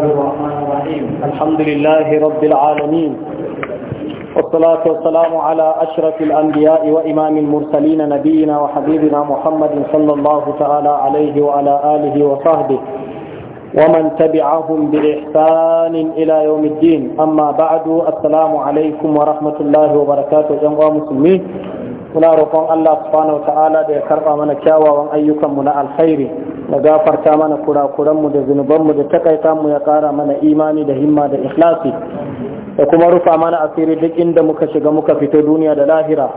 الرحمن الرحيم الحمد لله رب العالمين والصلاة والسلام على أشرف الأنبياء وإمام المرسلين نبينا وحبيبنا محمد صلى الله تعالى عليه وعلى آله وصحبه ومن تبعهم بإحسان إلى يوم الدين أما بعد السلام عليكم ورحمة الله وبركاته جمع مسلمين ولا رقم الله سبحانه وتعالى بكرم من كاوى وأن أيكم من الخير da gafarta mana kurakuranmu da zunubanmu da takaita mu ya kara mana imani da himma da ikhlasi da kuma rufa mana asiri duk inda muka shiga muka fito duniya da lahira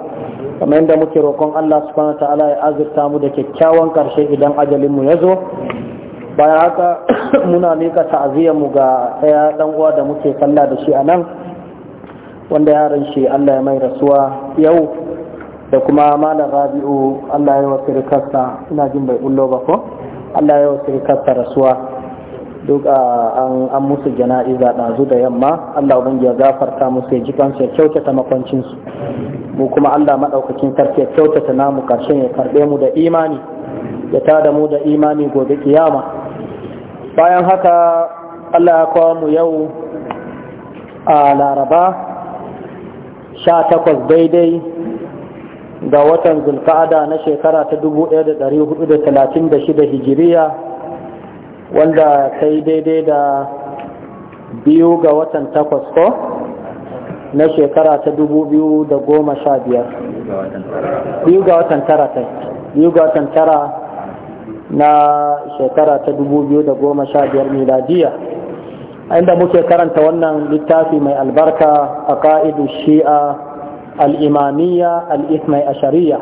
kamar inda muke roƙon Allah subhanahu ta'ala ya azurta mu da kyakkyawan karshe idan ajalin mu ya zo bayan haka muna mika ta'aziyar mu ga ɗaya dan uwa da muke kalla da shi a nan wanda yaran shi Allah ya mai rasuwa yau da kuma malam rabi'u Allah ya wasu rikasta ina jin bai bullo ba ko Allah yau sun kasa rasuwa duk an musu jana'iza ɗazu da yamma Allah ubangiji ya gafarta musu ya ji kansu ya kyautata makwancinsu mu kuma Allah maɗaukakin karfe ya kyautata namu ƙarshen ya karɓe mu da imani ya tada mu da imani gobe kiyama bayan haka Allah ya kawo mu yau a laraba sha takwas daidai ga watan zulka'ada na shekara ta 1436 hijiriya wanda ta yi daidai da biyu ga watan takwas ko na shekara ta 2015 biyu ga watan tara ta biyu ga watan tara na shekara ta 2015 miladiya inda muke karanta wannan littafi mai albarka a ka'idu shi'a al'imamiyya al'ismai shari'a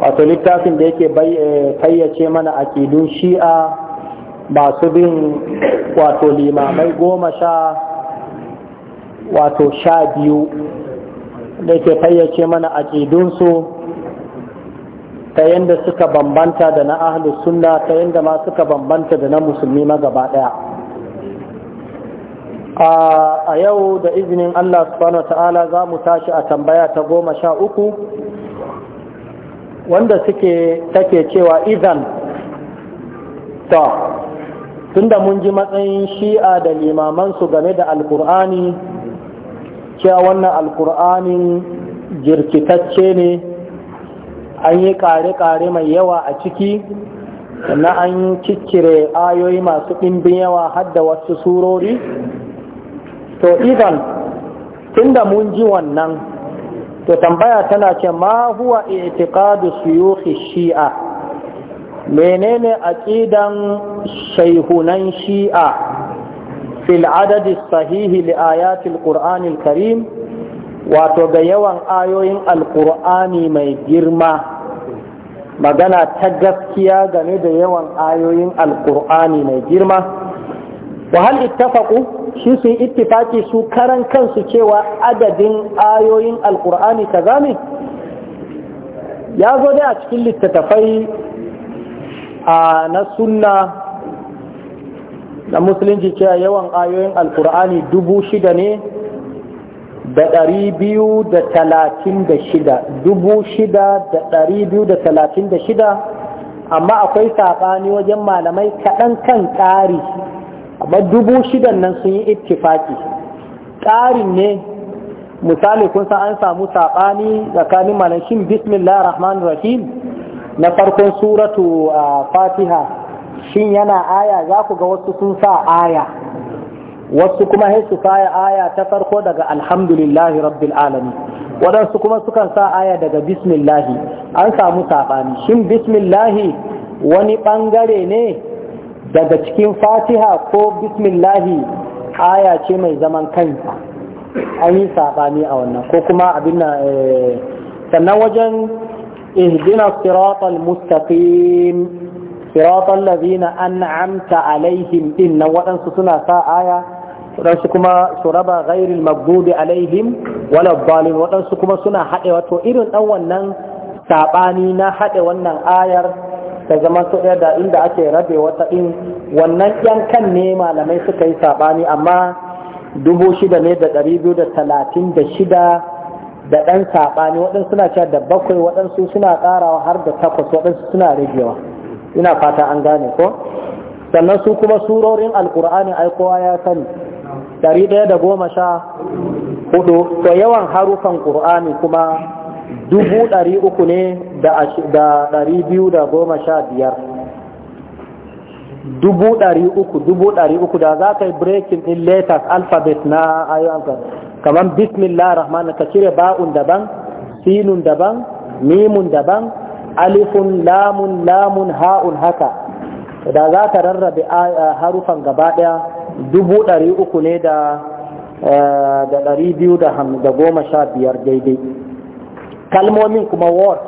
wato littafin da yake eh, fayyace mana akidun shi'a masu bin wato limamai goma sha wato sha biyu da yake fayyace mana akidunsu ta yanda suka bambanta da na ahlus sunna ta yadda ma suka bambanta da na musulmi ma gaba ɗaya a yau da izinin Allah subhanahu wa ta'ala za mu tashi a tambaya ta goma sha uku wanda suke take cewa idan tun tunda mun ji matsayin shi'a da limamansu game da alkur'ani cewa wannan alkur'anin jirkitacce ne an yi kare-kare mai yawa a ciki na an ciccire ayoyi masu ɗimbin yawa hadda wasu surori to idan tunda mun ji wannan to tambaya tana ce ma huwa i'tiqadu shi'a menene aqidan shaihunan shi'a fil adadi sahihi li ayati alqur'ani alkarim wato ga yawan ayoyin alqur'ani mai girma magana ta gaskiya game da yawan ayoyin alqur'ani mai girma wa hal ittafaqu shi su yi ittifaki su karan kansu cewa adadin ayoyin alqur'ani kazami ya zo dai a cikin littattafai a na sunna na musulunci cewa yawan ayoyin alkur'ani dubu shida ne da ɗari biyu da talatin da shida dubu shida da ɗari biyu da talatin da shida amma akwai saɓani wajen malamai kaɗan kan ƙari kuma dubu shidan nan sun yi ittifaki ƙarin ne misali kun san an samu saɓani tsakanin malashin bismillah rahman rahim na farkon suratu a fatiha shin yana aya za ku ga wasu sun sa aya wasu kuma su sa aya ta farko daga alhamdulillahi rabbil alami waɗansu kuma sukan sa aya daga bismillahi an samu saɓani shin bismillahi wani ɓangare ne daga cikin fatiha ko bismillahi aya ce mai zaman kanta an yi saɓani a wannan ko kuma abin na eh, sannan wajen ihdina siratal mustaqim siratal ladina an'amta alaihim din nan waɗansu suna sa aya waɗansu kuma su raba ghairil maghdubi alaihim wala dhalin waɗansu kuma suna haɗe wato irin ɗan wannan saɓani na haɗe wannan ayar ta zama su ɗaya da inda ake rabe wata in wannan yankan ne malamai suka yi saɓani amma dubu shida ne da ɗari biyu da talatin da shida da ɗan saɓani waɗansu suna cewa da bakwai waɗansu suna ƙarawa har da takwas waɗansu suna ragewa ina fata an gane ko sannan su kuma surorin alkur'ani ai kowa ya sani ɗari ɗaya da goma sha hudu to yawan harufan ƙur'ani kuma dubu ɗari uku ne da ɗari biyu da goma sha biyar dubu ɗari uku dubu ɗari uku da za ka yi breaking in letters alphabet na ayyukan kamar bismillah rahman ka cire ba'un daban sinun daban mimun daban alifun lamun lamun ha'un haka da za ka rarrabe harufan gaba ɗaya dubu ɗari uku ne da eh, ɗari biyu da goma sha biyar daidai kalmomin kuma word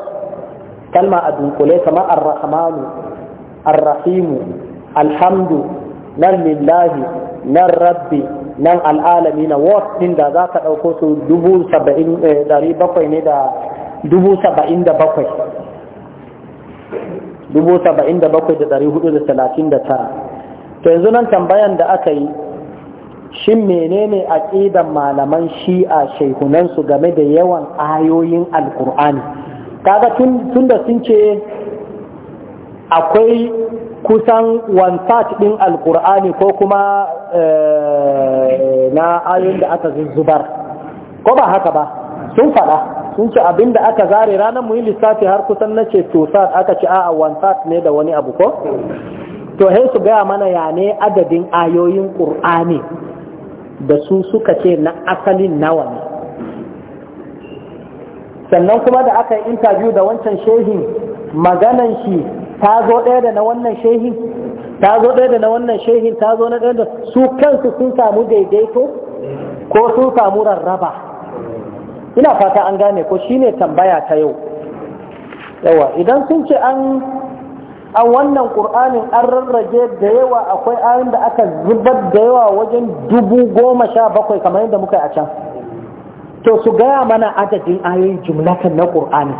kalma a dunkule kama arrahmanu arrahimu alhamdu nan lillahi nan rabbi nan al'alami na word din da za ka ɗauko su dubu saba'in eh, ɗari bakwai ne da dubu saba'in da bakwai dubu saba'in da bakwai da ɗari hudu da talatin da tara to yanzu nan tambayan da aka yi shin menene aqidan malaman shi'a shaihunansu game da yawan ayoyin alkur'ani kaga tun da sun ce akwai kusan wansat ɗin alkur'ani ko kuma eh, na ayoyin da aka zuzzubar ko ba haka ba sun faɗa sun ce abin da aka zare ranar muyi lissafi har kusan na ce tusat aka ce a'a wansat ne da wani abu ko to hei su gaya mana ya ne adadin ayoyin ƙur'ani da su suka ce na asalin nawa ne sannan kuma da aka yi interview da wancan shehin maganan shi ta zo ɗaya da na wannan shehin ta zo ɗaya da na wannan shehin ta zo na ɗaya da su kansu sun samu daidaito ko sun samu rarraba ina fata an gane ko shine tambaya ta yau yawa idan sun ce an A wannan ƙur'anin an rarrage da yawa akwai ayin da aka zubar da yawa wajen dubu goma sha bakwai kamar yadda muka yi a can to su gaya mana adadin ayoyin jumlatan na ƙur'ani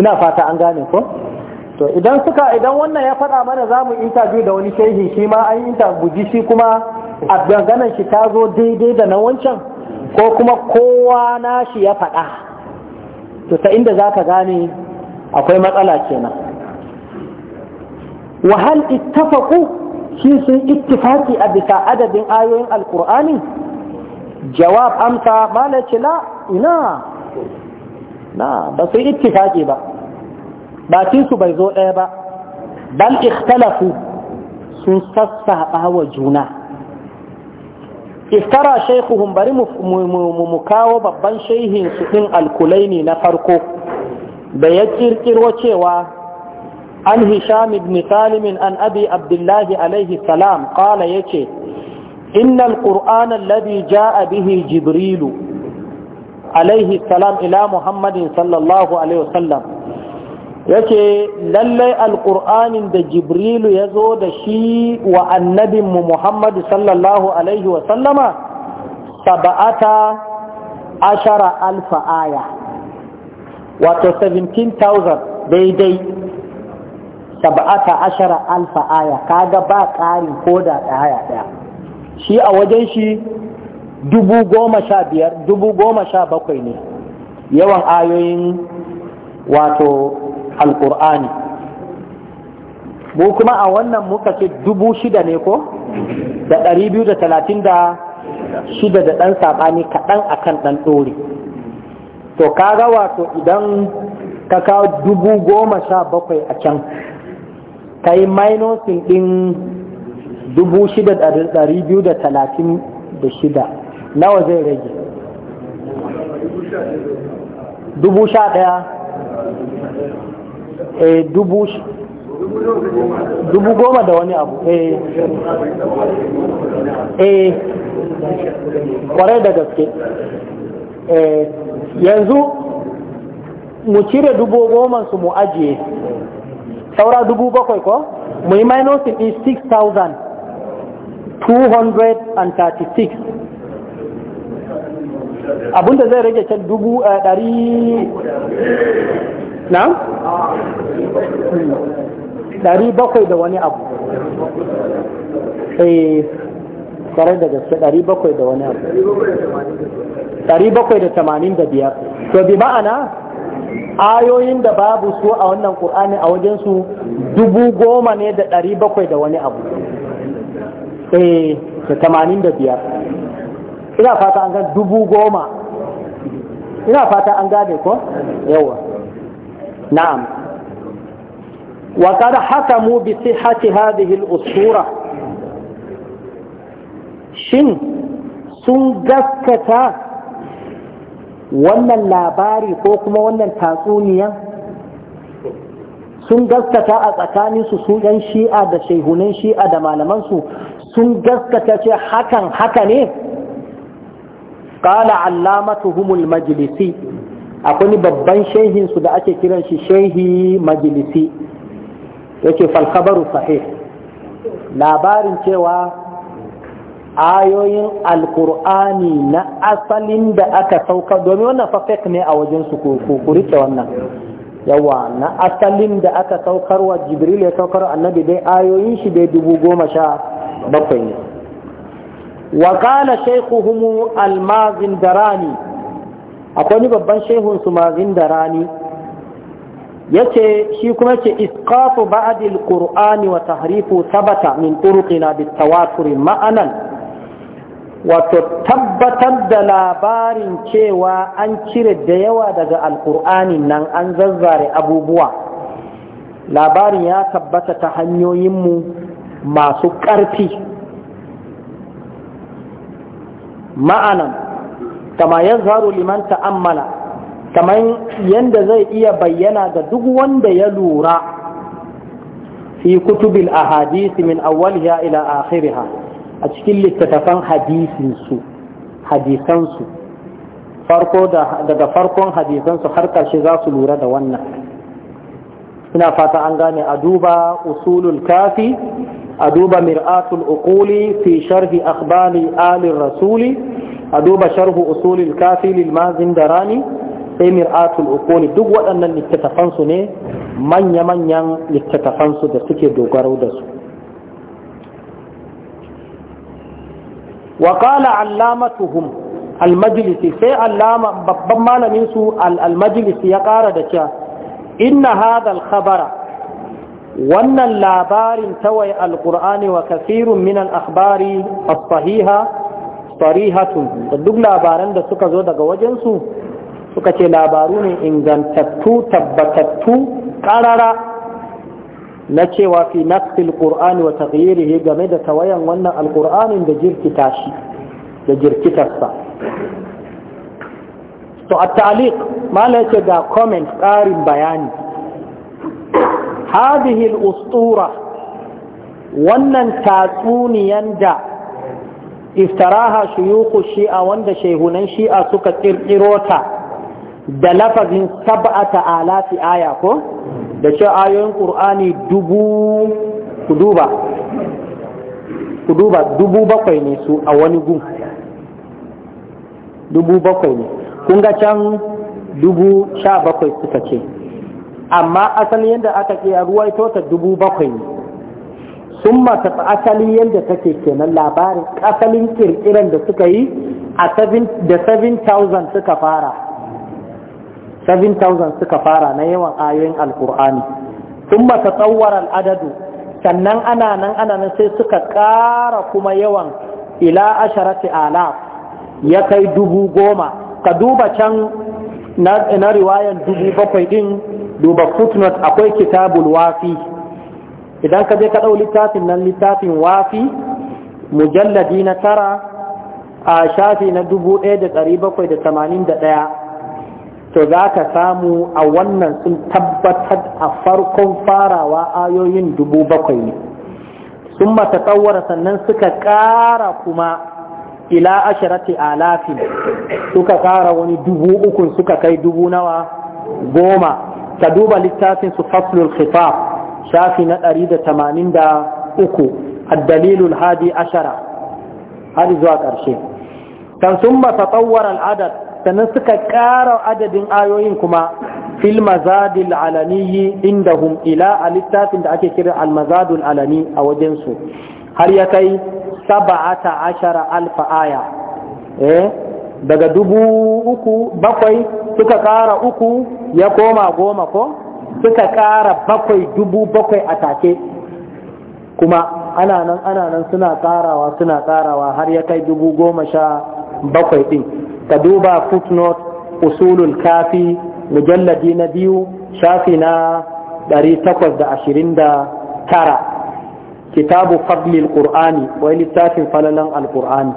ina fata an gane ko to idan suka idan wannan ya faɗa mana za mu intabi da wani shehi shi ma an interview shi kuma a ganganan shi ta zo daidai da na wancan ko kuma kowa na shi ya faɗa to ta inda za ka gane akwai matsala kenan wa hal ittafaqu shi sun ittifaki a bisa adadin ayoyin alqur'ani jawab amsa mala ce la ina na ba su ittifaki ba bakin su bai zo ɗaya ba bal ikhtalafu sun sassaɓa wa juna iftara shaihu bari mu kawo babban shaihin su ɗin alkulaini na farko da ya kirkiro cewa an hisham ibn Salimin an abi abdullah alaihi salam qala yace innal qur'an alladhi jaa bihi jibril alaihi salam ila muhammadin sallallahu alaihi wasallam yace lallai alƙur'anin da jibrilu ya zo da shi wa annabinmu muhammadu sallallahu alaihi wasallama saba'ata ashara alfa aya wato 17,000 daidai sab'ata ashara alfa aya kaga ba ƙari ko da ɗaya ɗaya shi a wajen shi dubu goma sha biyar dubu goma sha bakwai ne yawan ayoyin wato alƙur'ani mu kuma a wannan muka ce dubu shida ne ko da ɗari biyu da talatin da shida da ɗan saɓani kaɗan akan ɗan ɗori to kaga wato idan ka kawo dubu goma sha bakwai a can ka yi minosin ɗin 6,236 nawa zai rage 11,000 a dubu eh, dubu goma da wani abu a eh. eh. kwarai da gaske yanzu mu cire dubu goma su mu ajiye saura dubu bakwai ko mu yi minusin in 6,236 abinda zai rage can dubu ɗari eh, na? ɗari bakwai da wani abu eh kwarar da gaske ɗari bakwai da wani abu ɗari bakwai da tamanin da biyar to bi ma'ana ayoyin da babu su a wannan ƙur'ani a wajensu dubu goma ne da ɗari bakwai da wani abu eh da tamanin da biyar ina fata an gane dubu goma ina fata an gane ko yawa na'am wa kada haka mu bi sihhati hadhihi al-usura shin sun gaskata wannan labari ko kuma wannan tatsuniyan sun gaskata a tsakaninsu su ‘yan shi'a da shehunan shi'a da malamansu sun gaskata ce hakan haka ne ƙala allamatuhumul majlisi akwai babban shehinsu da ake kiran shi shehi majlisi yake falkabaru sahih labarin cewa ayoyin alkur'ani na asalin da aka sauka domin wannan fa ne a wajen su ku rike wannan yawa na asalin da aka saukar wa jibril ya saukar annabi dai ayoyin shi dai dubu goma sha bakwai ne wa kana shaykhuhum almazin darani akwai ni babban shehun su mazin darani ce shi kuma ce isqatu ba'd ƙurani wa tahrifu thabata min turuqina bitawatur ma'anan wato tabbatar da labarin cewa an cire da yawa daga alkur'anin nan an zazzare abubuwa labarin ya tabbata ta hanyoyinmu masu ƙarfi ma'anan kama ya zaru liman ta'ammala kamar yadda zai iya bayyana ga duk wanda ya lura fi kutubil ahadisi min awwaliha ila akhiriha a cikin littattafan hadisinsu hadisansu farko daga farkon hadisansu har ƙarshe za su lura da wannan ina fata an gane a duba usulul kafi a duba mir'atul uquli fi sharhi akhbari alir rasuli a duba sharhu usulul kafi lil mazin darani sai mir'atul uquli duk waɗannan littattafansu ne manya-manyan littattafansu da suke dogaro da su wa qala allamatuhum almajlisi sai allama babban malamin su almajlisi ya ƙara da cewa inna hadha alkhabara wannan labarin tawai alqur'ani wa kathirun min akbari akhbari as da duk labaran da suka zo daga wajensu su suka ce labaru ne ingantattu tabbatattu ƙarara. na cewa fi naqsil qur'ani wa taghyirihi game da tawayan wannan alqur'anin da jirkita shi da jirkitarsa to a ta'liq mala yace ga comment ƙarin bayani hadhihi al-ustura wannan tatsuniyan da iftaraha shuyukhu shi'a wanda shehunan shi'a suka kirkiro ta da lafazin sab'ata alafi aya ko da ce ayoyin ƙur'ani dubu ku duba ku duba dubu bakwai ne su a wani gun dubu bakwai ne kun ga can dubu sha bakwai suka ce amma asali yadda aka ke ruwaito ta dubu bakwai ne sun mata asali yadda take kenan labarin asalin kirkiran da suka yi da 7,000 suka fara 7,000 suka fara na yawan ayoyin alkur'ani sun masa tsawar al'adadu sannan ana nan ana nan sai suka ƙara kuma yawan ila asharati alaf ya kai dubu goma ka duba can na riwayan dubu bakwai din duba footnote akwai kitabul wafi idan ka je ka ɗau littafin nan littafin wafi mujalladi na tara a shafi na dubu ɗaya da ɗari bakwai da tamanin da ɗaya to za ka samu a wannan sun tabbatar a farkon farawa ayoyin dubu bakwai ne sun mata tsawara sannan suka ƙara kuma ila ashirati alafin suka ƙara wani dubu ukun suka kai dubu nawa goma ta duba littafin su faslul khifaf shafi na ɗari da tamanin da uku addalilul hadi ashara hadi zuwa ƙarshe kan sun mata tsawara sannan suka ƙara adadin ayoyin kuma fil mazadil alani indahum ila a littafin da ake kira al mazadul alani a wajensu har ya kai saba'ata ashara alfa aya eh daga dubu uku bakwai suka ƙara uku ya koma goma ko suka ƙara bakwai dubu bakwai a take kuma ana nan ana nan suna ƙarawa suna ƙarawa har ya kai dubu goma sha bakwai ɗin ka duba footnote usulul kafi mujalladi na biyu shafi na 829 kitabu fadlil qur'ani wai littafin falalan alqur'ani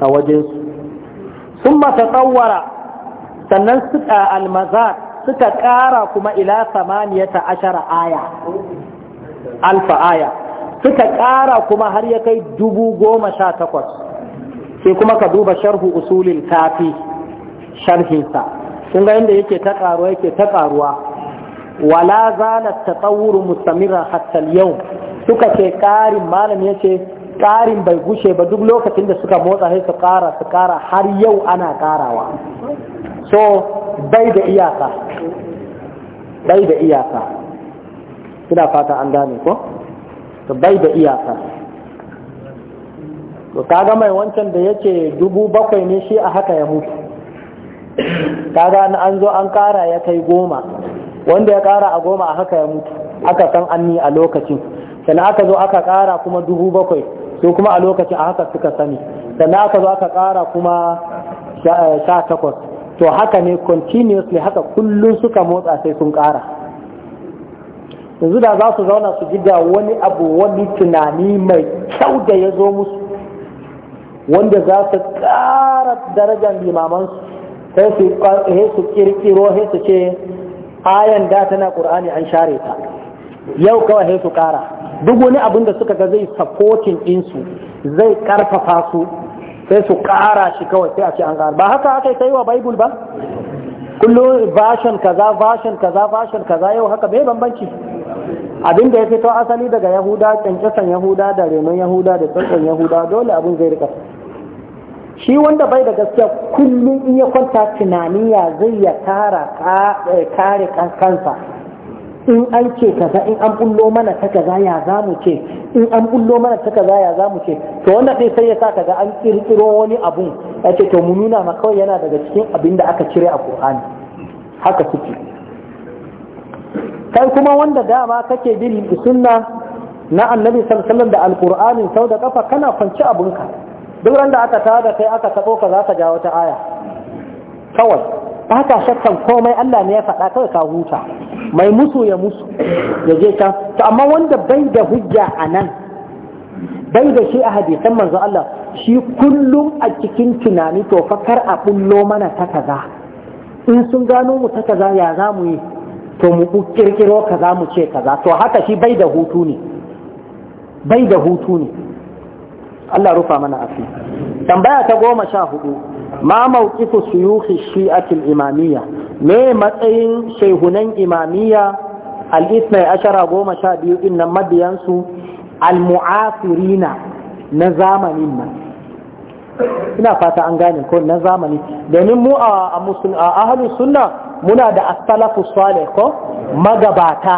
a wajensu sun mata tsawara sannan suka almazar suka kara kuma ila samaniyata ashara aya alfa aya suka kara kuma har ya kai dubu goma sha takwas sai kuma ka duba sharhu usulin kafi sharhinsa kun ga inda yake ta karuwa yake ta karuwa wala zala tatawuru mustamira hatta yau suka ce karin malam yace karin bai gushe ba duk lokacin da suka motsa sai su kara su kara har yau ana karawa so bai da iyaka bai da iyaka ina fata an gane ko bai da iyaka to kaga mai wancan da yake dubu bakwai ne shi a haka ya mutu kaga an zo an kara ya kai goma wanda ya kara a goma a haka ya mutu aka san anni a lokacin sannan aka zo aka kara kuma dubu bakwai su kuma a lokacin a haka suka sani sannan aka zo aka kara kuma eh, sha takwas to haka ne continuously haka kullum suka motsa sai sun kara yanzu da za su zauna su ji da wani abu wani tunani mai kyau da ya zo musu wanda za su ƙara darajar limamansu sai su ƙirƙiro sai su ce ayan da tana ƙur'ani an share ta yau kawai sai su ƙara duk wani abin da suka ga zai sapotin ɗinsu zai ƙarfafa su sai su ƙara shi kawai sai a ce an ƙara ba haka aka yi wa baibul ba kullum version kaza version kaza version kaza yau haka bai bambanci abin da ya fito asali daga yahuda cancasan yahuda da renon yahuda da tsantsan yahuda dole abin zai rika shi wanda bai da gaskiya kullum in ya kwanta tunani ya zai ya tara eh, kare kansa in an ce kaza in an bullo mana ta kaza ya za mu ce in an bullo mana ta kaza ya za mu ce to wanda sai sai ya sa kaza an kirkiro wani abu, ya ce to mu ma kawai yana daga cikin abin da aka cire a Qur'ani haka suke kai kuma wanda dama kake bin sunna na annabi sallallahu alaihi wasallam da alqur'ani sau da kafa kana kwance abunka duk randa aka da kai aka taɓo ka za ka ja wata aya kawai ba shakkan komai Allah ne ya faɗa kawai ka huta mai musu ya musu ya je can to amma wanda bai da hujja a nan bai da shi a hadisan manzo Allah shi kullum a cikin tunani to fa kar a bullo mana ta kaza in sun gano mu ta kaza ya za mu yi to mu kirkiro kaza mu ce kaza to haka shi bai da hutu ne bai da hutu ne Allah rufa mana afi tambaya ta goma sha hudu ma mawqifu suyuhi shi'atil imamiyya me matsayin shehunan imamiyya al-ithnai ashara goma sha biyu din nan mabiyansu al-mu'asirina na zamanin nan ina fata an gane ko na zamani domin mu a ahlus sunna muna da asalafu salafu ko magabata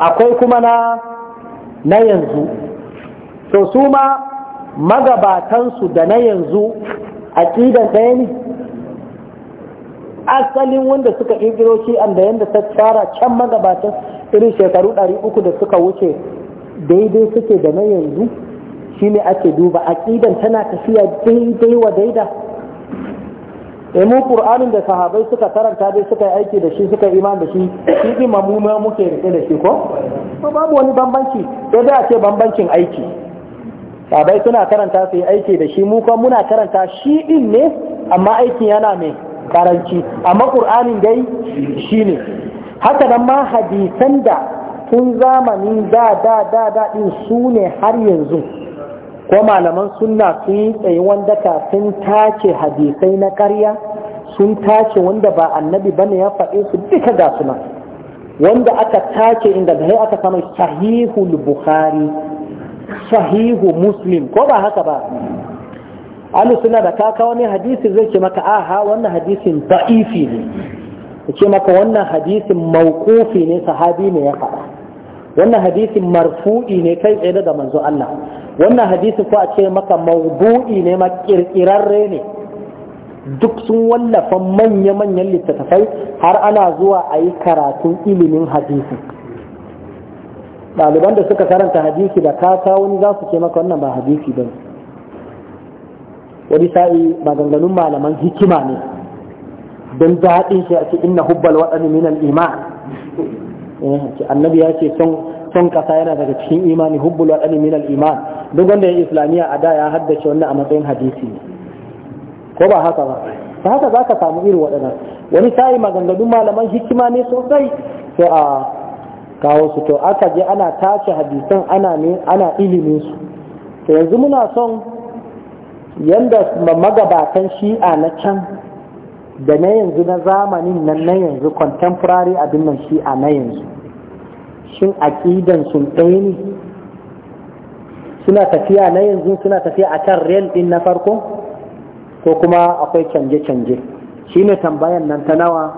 akwai kuma na na yanzu to su ma magabatansu da na yanzu aƙidan ɗaya ne asalin wanda suka ƙirƙiro shi da yadda ta tsara can magabatan irin shekaru ɗari uku da suka wuce daidai suke da na yanzu shine ake duba aƙidan tana tafiya daidai wa daida emu eh, ƙur'anin da sahabai suka karanta dai suka yi aiki da shi suka iman da shi shi imamu mu muke rike da shi ko babu wani bambanci sai dai a ce bambancin aiki Babai suna karanta su yi aiki da shi mu muna karanta shi din ne amma aikin yana mai karanci amma ƙur'anin dai shi ne haka nan ma hadisan da tun zamani da da da da din su ne har yanzu ko malaman sunna sun yi tsayi wanda ka sun tace hadisai na ƙarya sun tace wanda ba annabi bane ya faɗe su duka ga suna wanda aka tace inda da aka kama sahihul bukhari sahihu muslim ko ba haka ba alu suna da kaka wani hadisi zai ce maka aha wannan hadisin da'ifi ne ya ce maka wannan hadisin mawqufi ne sahabi ne ya faɗa wannan hadisin marfu'i ne kai tsaye daga manzo Allah wannan hadisin ko a ce maka mawdu'i ne ma ne duk sun wallafa manya-manyan littattafai har ana zuwa a yi karatun ilimin hadisi. ɗaliban da suka karanta hadisi da kata wani za su ce maka wannan ba hadisi ba wani sa'i maganganun malaman hikima ne don daɗin shi a ce inna hubbal waɗani minan iman eh, annabi ya ce son ƙasa yana daga cikin imani hubbal waɗani minan iman duk wanda ya islamiyya a da ya haddace wannan a matsayin hadisi ne ko ba haka ba ta haka za ka samu irin waɗannan wani sa'i maganganun malaman hikima ne sosai sai a kawo su to aka je ana tace hadisan ana ne ana ilimin su to yanzu muna son yanda magabatan shi'a na can da na yanzu na zamanin nan na yanzu contemporary abin nan shi'a na yanzu shin aƙidan sun ɗaya ne suna tafiya na yanzu suna tafiya a kan rel ɗin na farko ko kuma akwai canje-canje shine tambayan nan ta nawa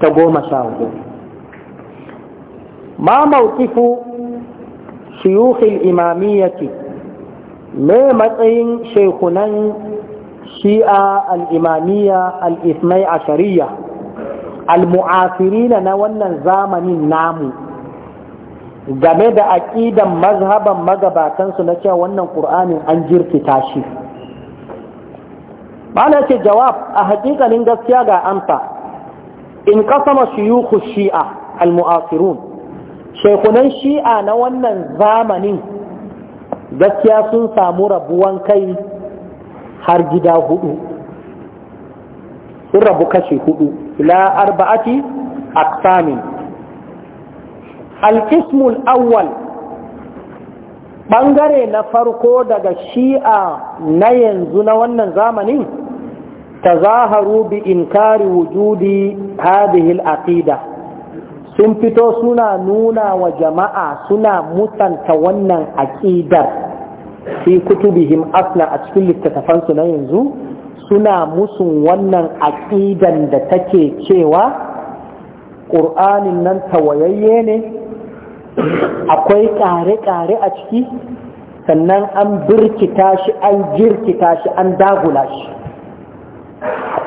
ta goma sha hudu ما موقف شيوخ الإمامية ما متعين شيخنا شيعة الإمامية الإثني عشرية المعاصرين نوانا زامن namu, game da aƙidan mazhaban magabatansu na cewa wannan ƙur'anin an jirkita shi mana ce jawab a haƙiƙanin gaskiya ga amsa in kasama shiyuku shi'a al-mu'asirun shekunan shi'a na wannan zamanin gaskiya sun samu rabuwan kai har gida hudu sun rabu kashi hudu ila arba'ati aksamin alkismul awwal ɓangare na farko daga shi'a na yanzu na wannan zamanin ta zaharu bi inkari wujudi hadihil aqida sun fito suna nuna wa jama'a suna mutanta wannan aƙidar fi kutubihim asla a cikin littattafansu na yanzu suna musun wannan aƙidan da take cewa ƙur'anin nan tawayayye ne akwai ƙare-ƙare a ciki sannan an birkita shi an jirkita shi an dagula shi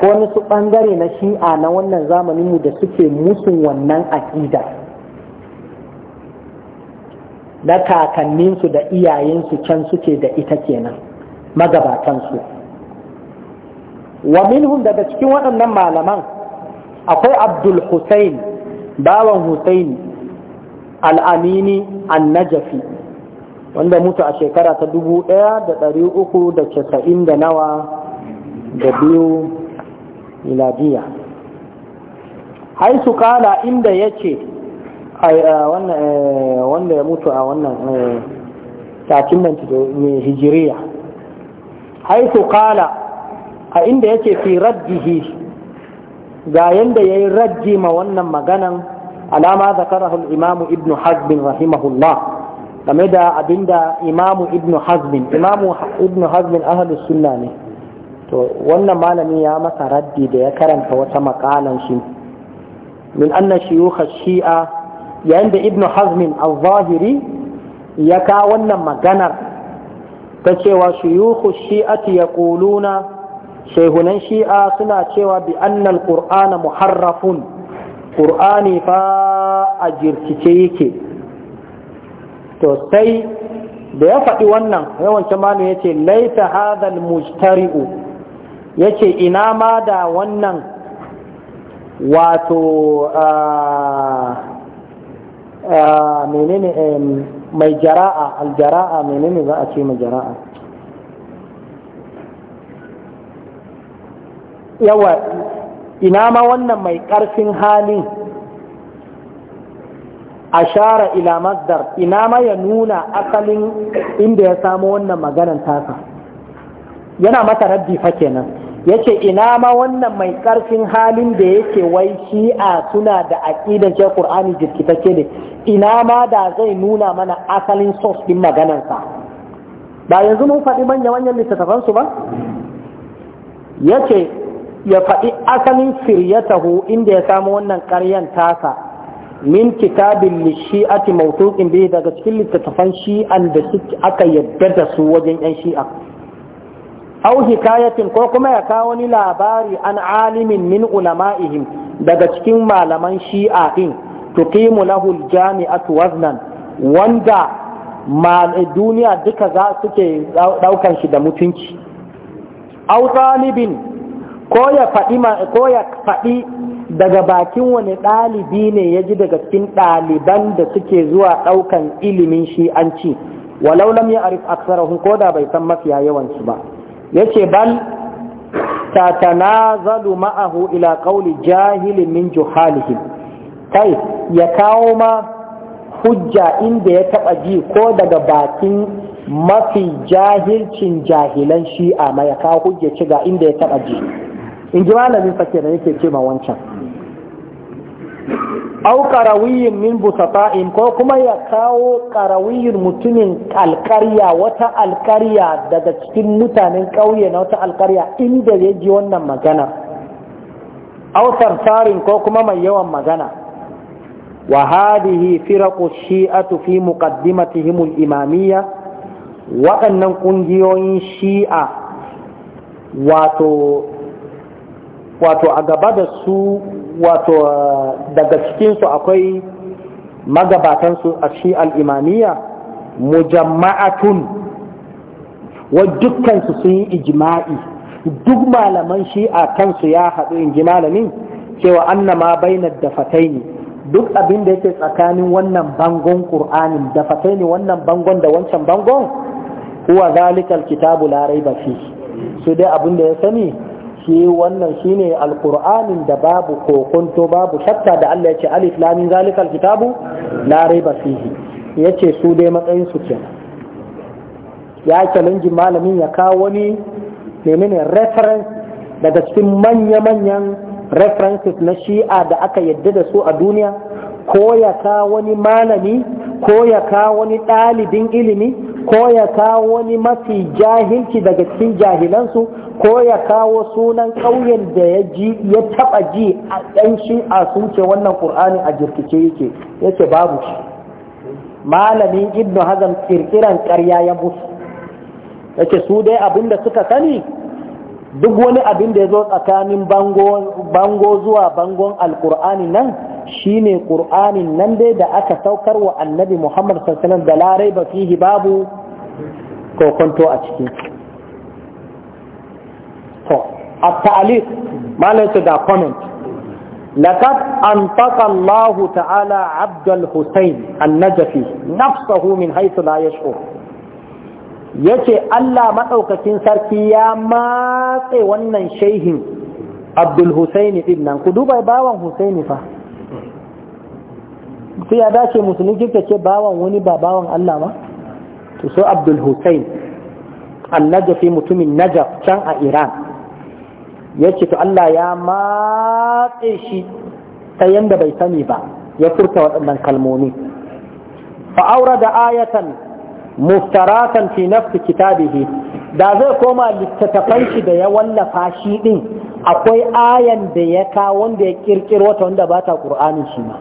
ko wani su bangare na shi'a na wannan zamanin mu da suke musun wannan aƙida na kakanninsu da iyayensu can suke da ita kenan magabatansu wa minhum daga cikin waɗannan malaman akwai abdul hussein bawan hussein al'amini annajafi wanda mutu a shekara ta dubu ɗaya da ɗari uku da casa'in da nawa da biyu miladiya haisu kala inda ya ce eh, wanda ya mutu a wannan eh, takin nan hijiriya haisu kala a inda yake fi raddihi ga yanda ya yi raddi ma wannan maganan alama zakarahul imamu ibnu hazbin rahimahullah game da abinda imamu ibnu hazbin imamu ibnu hazbin ahalus sunna ne to wannan malami ya masa raddi da ya karanta wata makalan shi min anna shiyukha shi'a yayin da ibnu hazmin al-zahiri ya ka wannan maganar ta cewa shiyukhu shi'ati kuluna, shehunan shi'a suna cewa bi anna qurana muharrafun qur'ani fa a jirkice yake to sai da ya faɗi wannan yawancin malu ya ce laita hadal mujtari'u ya ce ina ma da wannan wato menene mai jara'a aljara'a menene za a ce mai jara'a yawa ina ma wannan mai ƙarfin hali ashara ila masdar ina ma ya nuna asalin inda ya samu wannan maganan tasa yana mata rabbi fa kenan yace ina ma wannan mai karfin halin da yake wai shi'a suna da aqidar ce Qur'ani ke ne ina ma da zai nuna mana asalin source din maganarsa ba yanzu mun faɗi manya manyan littattafan su ba yace ya faɗi asalin firyatahu inda ya samu wannan ƙaryan tasa min kitabin lishi'ati mawtuqin bihi daga cikin littattafan shi'an da aka yadda da su wajen yan shi'a au hikayatin ko kuma ya kawo wani labari an alimin min ulama'ihim daga cikin malaman shi'a din tuqimu lahu aljami'atu waznan wanda duniya duka za suke daukan shi da mutunci au talibin ko ya faɗi ko ya fadi daga bakin wani ɗalibi ne ya ji daga cikin ɗaliban da suke zuwa ɗaukan ilimin shi'anci walau lam ya arif aksarahun ko da bai san mafiya yawanci ba yace bal tatanazalu ma'ahu ila qawli jahilin min juhalihi kai ya kawo ma hujja inda ya taba ji ko daga bakin mafi jahilcin jahilan shi'a ma ya kawo hujja ci ga inda ya taba ji in ji malamin fakir yake ce wancan au qarawiyin min busata'in ko kuma ya kawo qarawiyin mutumin alkarya wata alkarya daga cikin mutanen ƙauye na wata alkarya inda ya ji wannan magana au sarsarin ko kuma mai yawan magana wa hadihi firaqu shi'atu fi muqaddimatihim al-imamiyya waɗannan ƙungiyoyin shi'a wato wato a gaba da su wato daga cikinsu akwai magabatansu a shi imaniya mujamma'atun wa dukkansu sun yi ijima'i duk malaman shi'a kansu ya haɗu inji malamin cewa annama bainar dafatai ne duk abin da yake tsakanin wannan bangon ƙur'anin dafatai ne wannan bangon da wancan bangon huwa zalikal kitabu larai ba fi su dai abin da ya sani shi wannan shine alqur'anin da babu kokonto babu shakka da Allah ya ce alif lamin zalikal kitabu la raiba fihi yace su dai matsayin su kenan ya challenge malamin ya kawo wani menene reference daga cikin manya-manyan references na shi'a da aka yadda da su a duniya ko ya kawo wani malami ko ya kawo wani ɗalibin ilimi ko ya kawo wani mafi jahilci daga cikin jahilansu ko ya kawo sunan ƙauyen da ya ji ya taɓa ji a ɗan shi a sun wannan ƙur'ani a jirkice yake yake babu shi malamin ibnu Hazan kirkiran ƙarya ya musu yake su dai abin da suka sani duk wani abin da ya zo tsakanin bango zuwa bangon alƙur'ani nan shine ƙur'anin nan dai da aka saukar wa annabi muhammad sallallahu da larai ba fihi babu kokonto a cikin to a ta'alif malaita da comment لقد أنطق الله تعالى عبد الحسين النجفي نفسه من حيث لا يشعر yace Allah maɗaukakin sarki ya matse wannan shehin Abdul Husaini nan ku duba bawan Husaini fa ya dace musulmi kirka ce bawan wani ba bawan Allah ba to so Abdul mutumin Najaf can a Iran ya ce to Allah ya matse shi ta yanda bai sani ba ya furta waɗannan kalmomi fa'aura da ayatan muftaratan fi nafsi kitabihi da zai koma littattafan shi da ya wallafa shi din akwai ayan da ya kawo wanda ya kirkiro wata wanda ba ta ƙur'anin shi ma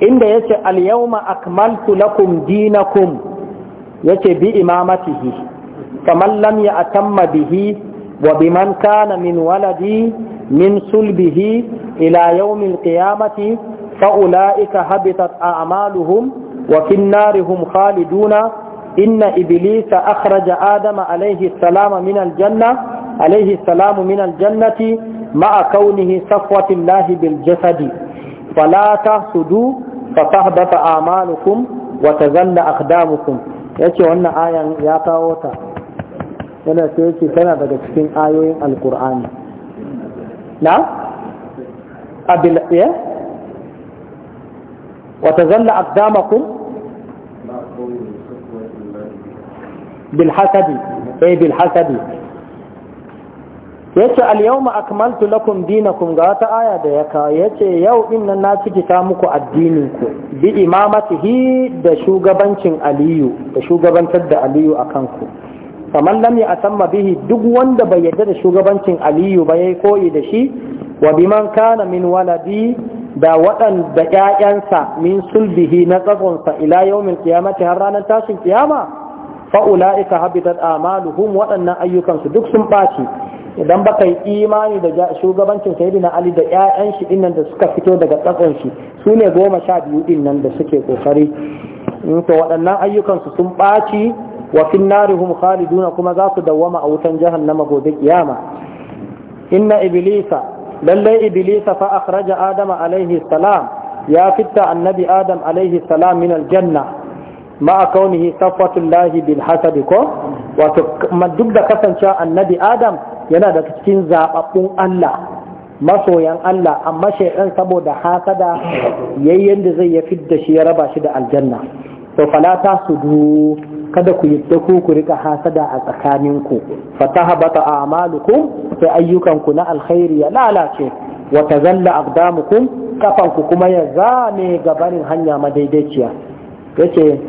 inda ya ce alyawma akmaltu lakum dinakum ya ce bi imamatihi kamar lam ya atamma bihi وبمن كان من ولدي من صلبه إلى يوم القيامة فأولئك هبطت أعمالهم وفي النار هم خالدون إن إبليس أخرج آدم عليه السلام من الجنة عليه السلام من الجنة مع كونه صفوة الله بالجسد فلا تحسدوا فتهبط أعمالكم وتزل أقدامكم يأتي وأن آية يا تاوتا yana sai tana daga cikin ayoyin alkur'ani na abil eh? eh, ya wa tazalla aqdamakum bil hasabi eh bil hasabi yace akmaltu lakum dinakum ga wata aya da ya kawo ce yau din nan na cikita muku addinin ku bi imamatihi da shugabancin aliyu da shugabantar da aliyu a ku faman lam ya asamma bihi duk wanda bai yarda da shugabancin aliyu ba yayi koyi da shi wa biman kana min waladi da waɗanda 'ya'yansa min sulbihi na tsagonsa ila yawmin qiyamati har ranar tashin kiyama fa ulaika habitat amaluhum waɗannan ayyukansu duk sun ɓaci idan baka yi imani da shugabancin sayyidina ali da ƴaƴan shi dinnan da suka fito daga tsagon shi su ne goma sha biyu dinnan da suke kokari to waɗannan ayyukansu sun ɓaci wa fin narihum khaliduna kuma za su dawwama a wutan jahannama gobe kiyama inna iblisa lallai iblisa fa akhraja adama alaihi salam ya fitta annabi adam alaihi salam min aljanna ma kaunihi safwatullahi bil hasadi ko wato duk da kasancewa annabi adam yana da cikin zababbun Allah masoyan Allah amma shaidan saboda haka hasada yayin da zai ya fidda shi ya raba shi da aljanna to ta su du kada ku yadda ku ku rika hasada a tsakaninku fatahabata a'malukum sai ayyukanku na alkhairi ya lalace wa tazalla aqdamukum kafanku kuma ya zame gabanin hanya madaidaiciya yace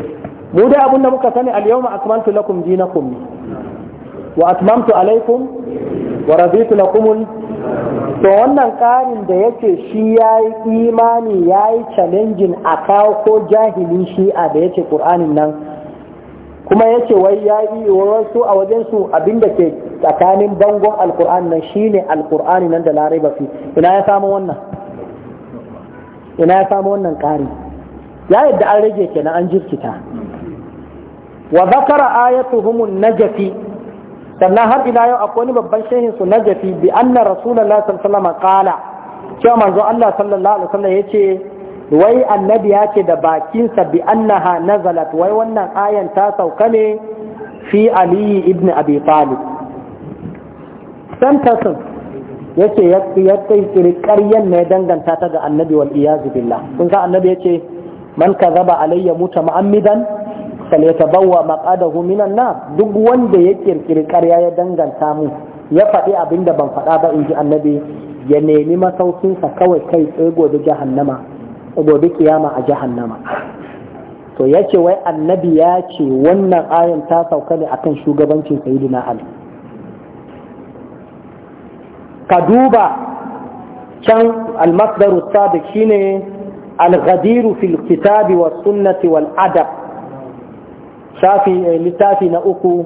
mu dai abinda muka sani al-yawma akmaltu lakum dinakum wa atmamtu alaykum wa raditu lakum to wannan karin da yake shi ya yi imani ya yi challenging a kawo ko jahilin shi'a da yake ƙur'anin nan kuma yake wai ya yi wasu a wajensu abinda ke tsakanin bangon alƙur'an nan shine alƙur'ani nan da larai ba fi ina ya samu wannan ina ya samu wannan ƙari ya yadda an rage kenan an jirkita wa zakara ayatuhumun najafi sannan har ila yau akwai wani babban shehin su najafi bi anna rasulullahi sallallahu alaihi wasallam qala cewa manzo Allah sallallahu alaihi wasallam yace wai annabi ya ce da bakinsa bi annaha nazalat wai wannan ayan ta sauka ne fi aliyu ibn abi talib yace ya ya kirkiri ne danganta ta ga annabi wal iyazu billah kun ga annabi yace ce man kazaba alayya muta mu'ammidan falyatabawwa maqadahu minan nar duk wanda ya kirkiri karya ya danganta mu ya faɗi abin da ban faɗa ba in ji annabi ya nemi masaukinsa kawai kai tsaye gobe jahannama gobe kiyama a jahannama to ya ce wai annabi ya ce wannan ayan ta sauka ne akan shugabancin sayyidina ali ka duba can almasdaru sabiq shine al fil kitabi wasunnati shafi eh, littafi na uku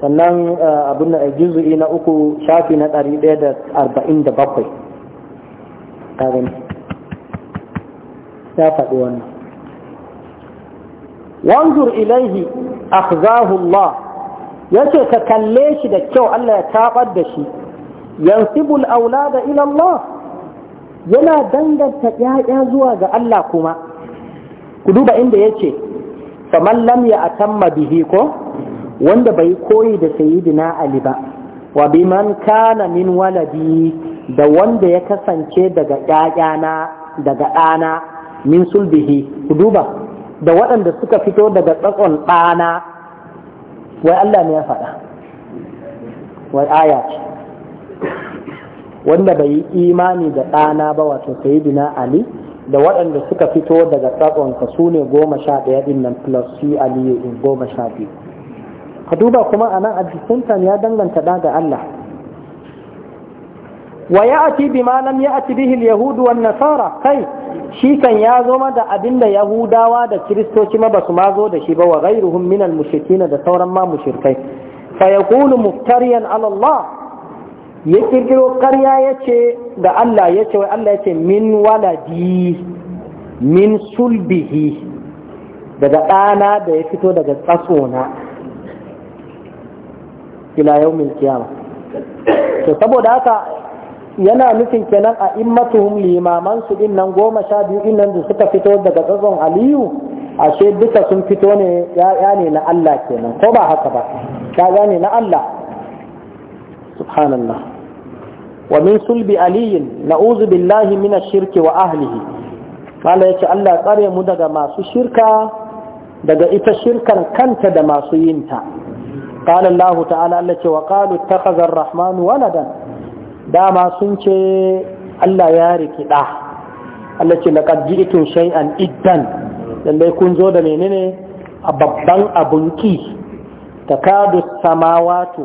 sannan eh, abin da juzu'i na uku shafi na 147 kagani ya faɗi wannan wanzur ilaihi akhzahu Allah yace ka kalle shi da kyau Allah ya tabar da shi yansibul aulada ila Allah yana danganta ƴaƴa zuwa ga Allah kuma ku duba inda yace kamar lam ya atamma bihi ko wanda bai koyi da sayyidina ali ba wa man kana min waladi da wanda ya kasance daga ƴaƴana daga ɗana min sulbihi ku duba da waɗanda suka fito daga tsakon ɗana wai Allah ne ya faɗa wai aya ce wanda bai yi imani da ɗana ba wato sayyidina ali da waɗanda suka fito daga tsakonka su ne goma sha ɗaya ɗin nan plus su aliyu in goma sha biyu ka duba kuma a nan addisintan ya danganta ɗa ga Allah wa ya ati bi ma ya ati Bihil yahudu wan nasara kai shi kan ya zo ma da abin da yahudawa da kiristoci ma basu ma zo da shi ba wa ghairuhum min al da sauran ma mushrikai fa yaqulu muftariyan ala Allah ya kirkiro karya ya ce da Allah ya ce wai Allah ya ce min waladi min sulbihi daga ɗana da ya fito daga tsatsona ila yau kiyama to saboda haka yana nufin kenan a immatuhum limaman su din nan goma sha biyu din nan da suka fito daga tsatson aliyu ashe duka sun fito ne ya ne na Allah kenan ko ba haka ba ya ne na Allah subhanallah wa min sulbi aliyin Na'uzubillahi mina min shirki wa ahlihi mala yace Allah tsare mu daga masu shirka daga ita shirkan kanta da masu yinta qala Allah ta'ala Allah ce wa qalu ittakhadha ar-rahman waladan dama sun ce Allah ya rikida Allah ce laqad ji'tum shay'an iddan lalle kun zo da menene a babban abun ki. takadu samawatu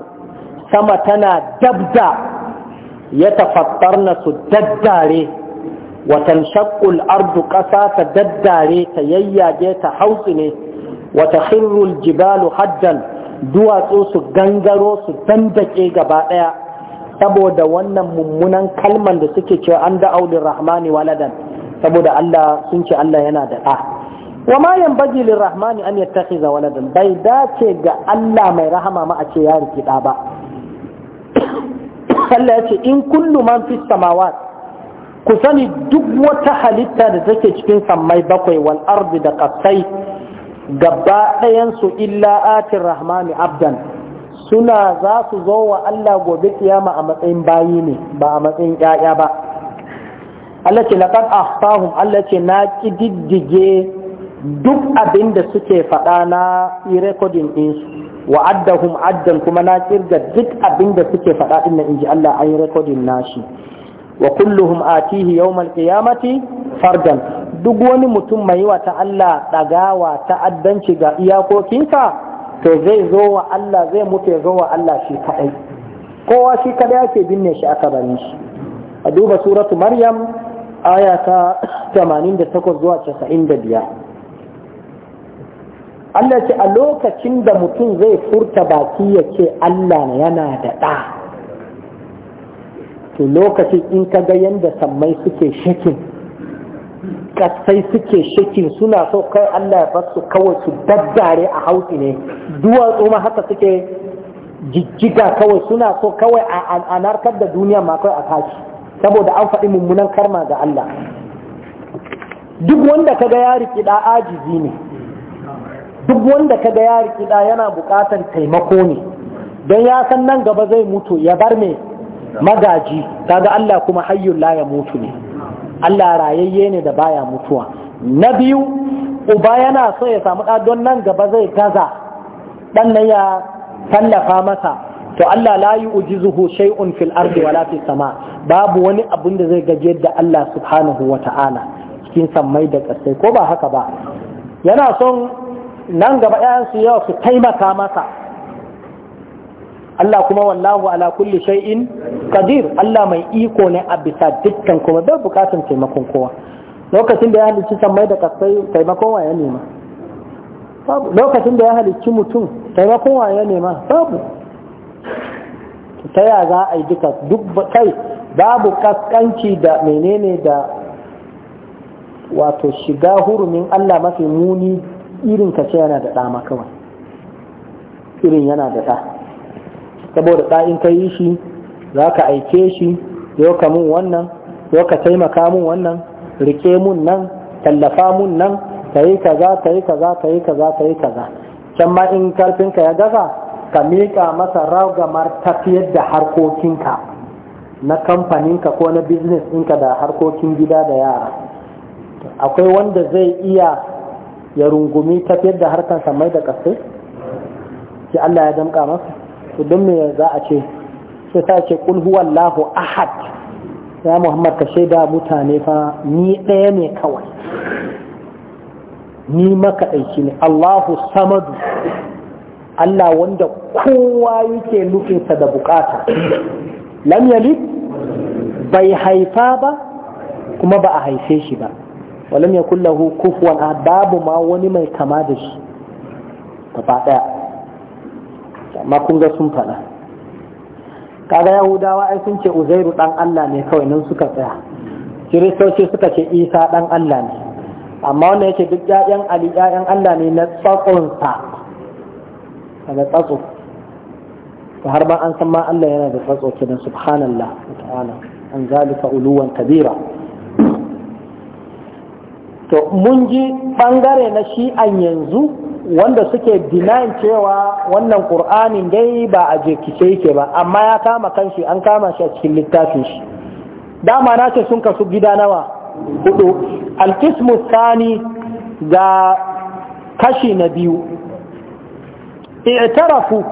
sama tana dabda ya na su daddare watan shakul ardu ƙasa ta daddare ta yayyage ta hausu ne wata khirrul jibalu haddan duwatsu su gangaro su dandake gaba ɗaya saboda wannan mummunan kalman da suke cewa an da aulin rahmani waladan saboda Allah sun ce Allah yana da ɗa wa ma yanbaghi rahmani an yattakhiza waladan bai dace ga Allah mai rahama ma a ce ya ba Allah ya ce in kullu man fi samawat ku sani duk wata halitta da take cikin sammai bakwai wal ardi da kasai gaba su illa atin rahmani abdan suna za su zo wa Allah gobe kiyama a matsayin bayi ne ba a matsayin ƴaƴa ba Allah ce laqad ahsahum Allah ce na kididdige duk abin da suke faɗa na din ɗinsu wa addahum addan kuma na kirga duk abin da suke faɗa din nan inji Allah an yi rekodin nashi wa kulluhum atihi yawmal qiyamati fardan duk wani mutum mai wa ta Allah dagawa ta'addanci ga iyakokinka, to zai zo wa Allah zai mutu ya zo wa Allah shi kadai kowa shi kadai ake binne shi aka bari shi a duba suratu maryam aya ta 88 zuwa 95 Allah ce a lokacin da mutum zai furta baki ya ce Allah yana da ɗa to lokacin in ka ga yadda sammai suke shakin kasai suke shakin suna so kai Allah ya basu kawai su daddare a hausi ne duwatsu ma haka suke jijjiga kawai suna so kawai a narkar da duniya ma kai a tashi saboda an faɗi mummunan karma ga Allah duk wanda ka ga ya riƙi da ajizi ne duk wanda kaga yari kiɗa yana buƙatar taimako ne don ya san nan gaba zai mutu ya bar mai magaji kaga Allah kuma hayyun la mutu ne Allah rayayye ne da baya mutuwa na biyu uba yana so ya samu ɗa don nan gaba zai gaza ɗan nan ya tallafa masa to Allah la yi yu'jizuhu shay'un fil ardi wala fis sama babu wani abun da zai gaje da Allah subhanahu ta'ala cikin sammai da ƙasai ko ba haka ba yana son nan gaba ‘ya'yansu yawa su taimaka masa Allah kuma wallahu ala kulli shay'in qadir Allah mai iko ne a bisa dukkan kuma bai bukatun taimakon kowa lokacin da ya halicci san mai da kasai taimakon waye ne ma, babu lokacin da ya halicci mutum taimakon waye ne ma babu ta ya za a yi duka duk kai babu kaskanci da menene da wato shiga hurumin Allah mafi muni irin ka yana da ɗa ma kawai irin yana da ɗa saboda ɗa in ka yi shi za ka aike shi yau ka mun wannan yau ka taimaka mun wannan rike mun nan tallafa mun nan ka yi kaza ka yi kaza ka yi kaza ka yi kaza can ma in karfinka ya gaza ka miƙa masa ragamar tafiyar da harkokinka na kamfaninka ko na business ɗinka da harkokin gida da yara akwai wanda zai iya ya rungumi tafiyar da harkar samai da ƙasai ki Allah ya damka masa to don me za a ce sai ta ce kul huwallahu ahad ya Muhammad ka shaida mutane fa ni ɗaya ne kawai ni maka ɗauki ne Allahu samadu Allah wanda kowa yake nufinsa da bukata lam yalid bai haifa ba kuma ba a haife shi ba walam ya kullahu kufuwan babu ma wani mai kama da shi gaba daya amma kun ga sun faɗa kaga yahudawa ai sun ce uzairu ɗan Allah ne kawai nan suka tsaya kiristoci suka ce isa ɗan Allah ne amma wanda yake duk ƴaƴan ali ƴaƴan Allah ne na tsatsonsa daga tsatso to har ba an san ma Allah yana da tsatso kenan subhanallah ta'ala an zalika uluwan kabira to mun ji ɓangare na shi'an yanzu wanda suke dinayin cewa wannan ƙur'anin dai ba a jekice yake ba amma ya kama kanshi an kama shi a cikin littafin shi dama na ce sun kasu gida nawa hudu alkismu sani ga kashi na biyu i'tarafu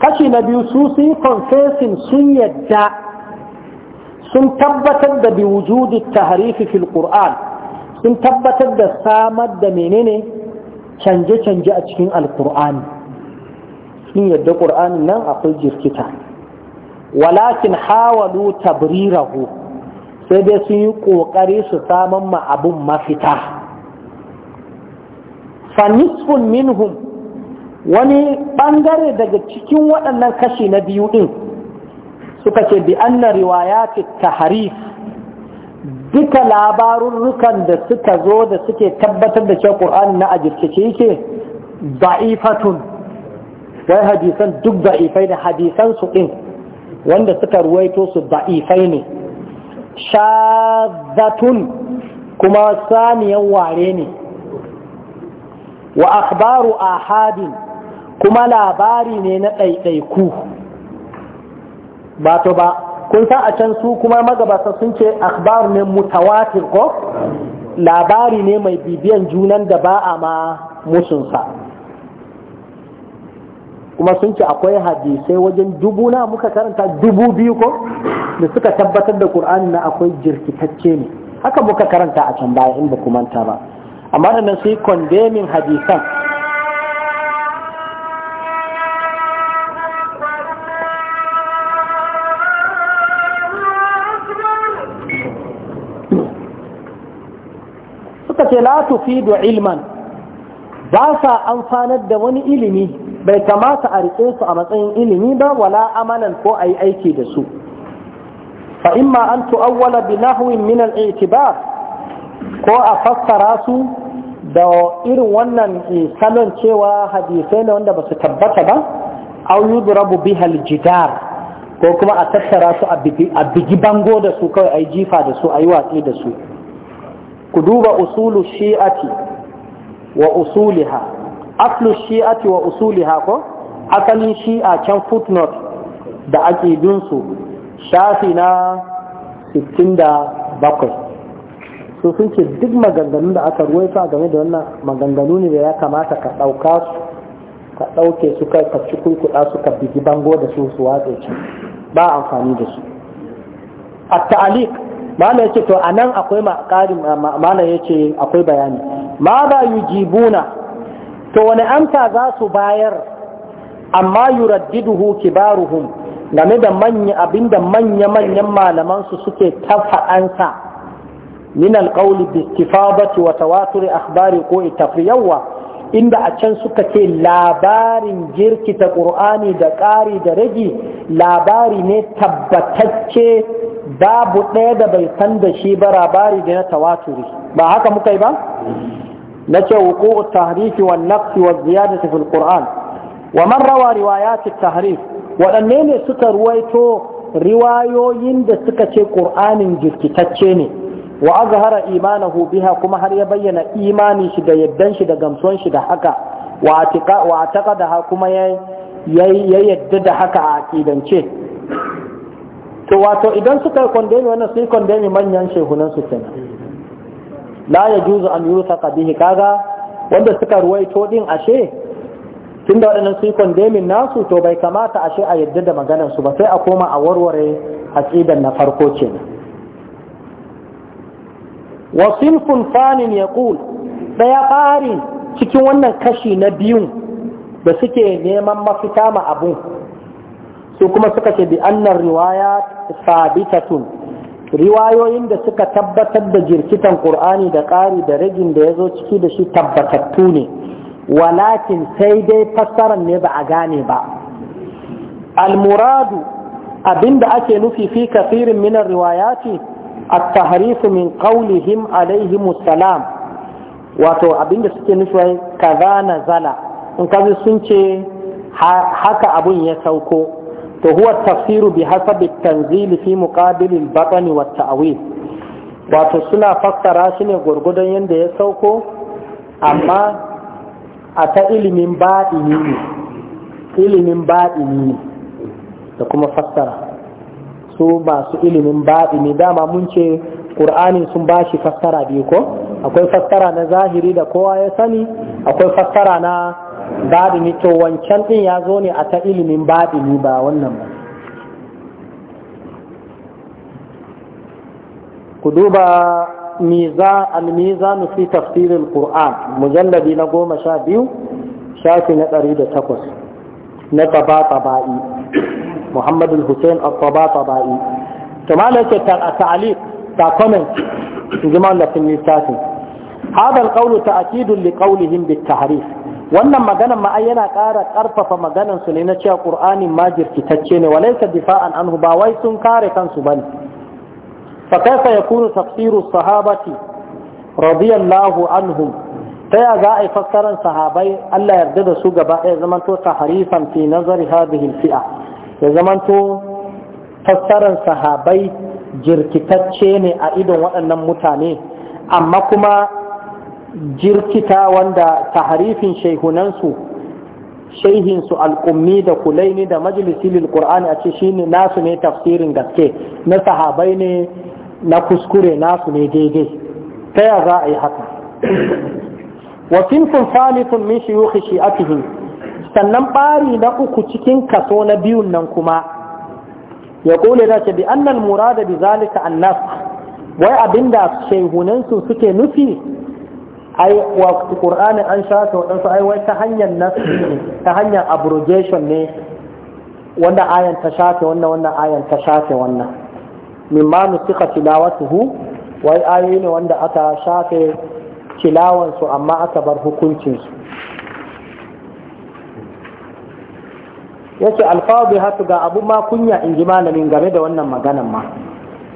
kashi na biyu su sun confessing sun yadda sun tabbatar da bi wujudi tahrifi fil qur'an sun tabbatar da samar da menene canje-canje a cikin alqur'ani sun yadda qur'anin nan akwai jirkita walakin hawalu tabrirahu sai dai sun yi kokari su samar ma abun mafita fa minhum wani bangare daga cikin waɗannan kashi na biyu din suka ce bi anna riwayati taharif duka labarurrukan da suka zo da suke tabbatar da cewa Qur'ani na ajirkice yake da'ifatun wai hadisan duk da'ifai da hadisan su din wanda suka ruwaito su da'ifai ne shazatun kuma saniyan ware ne wa akhbaru ahadin kuma labari ne na ɗaiɗaiku ba to ba kun san a can su kuma magabata sun ce akhbar ne mutawatir ko labari ne mai bibiyan junan da ba a ma musunsa kuma sun ce akwai hadisai wajen dubu na muka karanta dubu biyu ko da suka tabbatar da qur'ani na akwai jirkitacce ne haka muka karanta a can baya in ba ku manta ba amma nan sai kondemin hadisan suka ce la tufidu ilman ba sa amfanar da wani ilimi bai kamata a riƙe su a matsayin ilimi ba wala amalan ko a yi aiki da su fa imma an tu'awwala bi nahwin min al-i'tibar ko a fassara su da irin wannan eh, salon cewa hadisai ne wanda ba su tabbata ba aw yudrabu biha al-jidar ko kuma a tattara su a bigi bango da su kawai a jifa da su a yi watsi da su ku duba usulu shi'ati wa usuliha aslu shi'ati wa usuliha ko asalin shi'a can footnote da su shafi na 67 su sun ce duk maganganun da aka ruwaito game da wannan maganganu ne da ya kamata ka dauka su ka ɗauke su kai ka ci kulkuɗa su ka bigi bango da su su watsa ba amfani da su a ta'alik malam yake to anan akwai karin malam yake akwai bayani ma ba yujibuna to wani amsa za su bayar amma yuraddiduhu kibaruhum game da manya abinda manya manyan malaman su suke tafa'ansa min alqawli bi istifadati wa tawatur akhbari ko itafiyawa inda a can suka ce labarin jirkita qur'ani da ƙari da rage labari ne tabbatacce babu ɗaya da bai san da shi ba labari da na tawaturi ba haka muka yi ba na ce wuku tahrifi wa nafsi wa ziyadati fil qur'an wa man rawa riwayati tahrif waɗanne ne suka ruwaito riwayoyin da suka ce qur'anin jirkitacce ne wa azhara imanahu biha kuma har ya bayyana imanin shi da yaddan shi da gamsuwan shi da haka wa atiqa wa kuma ya yadda da haka a aqidance to wato idan suka kondemi wannan su kondemi manyan shehunan su kenan la ya juzu an yusa bihi kaga wanda suka ruwaito din ashe tunda waɗannan su yi kondemin nasu to bai kamata ashe a yadda da maganar su ba sai a koma a warware aqidan na farko kenan wa sinfun fanin yaqul daya ƙarin cikin wannan kashi na biyun da suke neman mafita ma abun su kuma suka ce bi annar riwaya sabitatun riwayoyin da suka tabbatar da jirkitan qur'ani da ƙari da ragin da ya zo ciki da shi tabbatattu ne walakin sai dai fassarar ne ba a gane ba almuradu abinda ake nufi fi kafirin minar riwayati at-tahrifu min qawlihim alaihim salam wato abinda suke nufi kaza zala, in kaji sun ce haka abun ya sauko to huwa tafsiru bi hasabi tanzili fi al-batn wa ta'wil wato suna fassara shi ne gurgudan yadda ya sauko amma a ta ilimin baɗini ne ilimin baɗini ne da kuma fassara su masu ilimin baɗini dama mun ce ƙur'ani sun ba shi fassara biyu ko akwai fassara na zahiri da kowa ya sani akwai fassara na babu ni to wancan din ya zo ne a ta ilimin babini ba wannan ba ku duba al-mizan fi tafsir al-qur'an mujalladi na goma sha biyu shafi na ɗari da takwas na taba taba'i muhammadu hussein a taba to malaka ta a ta'alik ta comment jima'a da fin lissafin هذا القول تأكيد لقولهم wannan maganan ma yana ƙara ƙarfafa maganan su ne na cewa qur'anin ma jirkitacce ne walaysa difa'an anhu ba wai sun kare kansu bane fa kaifa yakunu tafsiru sahabati radiyallahu anhum ta ya za a yi fassaran sahabai Allah yarda da su gaba ɗaya zamanto taharifan fi nazari hadhihi fi'a ya zamanto fassarar sahabai jirkitacce ne a idon waɗannan mutane amma kuma jirkita wanda taharifin shaihunansu shaihinsu al'ummi da kulai ne da majalisi lil a ce shine nasu ne tafsirin gaske na sahabai ne na kuskure nasu ne daidai ta ya za a yi haka wa sinfun salifun shi a shi'atihim sannan ɓari na uku cikin kaso na biyun nan kuma ya ƙole da ce bi annal murada bi zalika annas wai abinda shaihunansu suke nufi ai wa qur'ani an shafe waɗansu ai wai ta hanyar nasu ta hanyar abrogation ne wanda ayan ta shafe wannan wannan ayan ta shafe wannan mimma nusika tilawatuhu wai ayoyi ne wanda aka shafe tilawansu amma aka bar hukuncinsu yace alfabi hatu ga abu ma kunya in ji malamin game da wannan maganan ma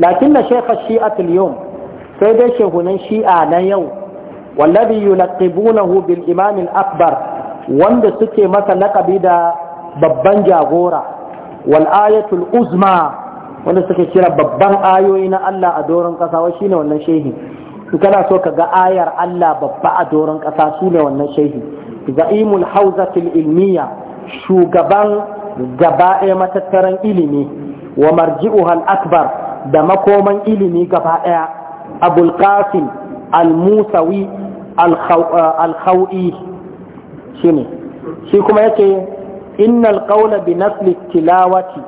lakin na shekha shi'atul yawm sai dai shehunan shi'a na yau Wallabi yulaqibunahu bil imam al akbar wanda suke masa laqabi da babban jagora wal ayatul uzma wanda suke kira babban ayoyi na Allah a doron kasa wai shine wannan shehi in kana so ka ga ayar Allah babba a doron kasa su ne wannan shehi za'imul hauzatil ilmiya shugaban gaba ɗaya matattaran ilimi wa marji'uhal akbar da makoman ilimi gaba ɗaya abul qasim al-musawi Uh, alkhau'i shi ne shi kuma yake innal qawla bi nasli tilawati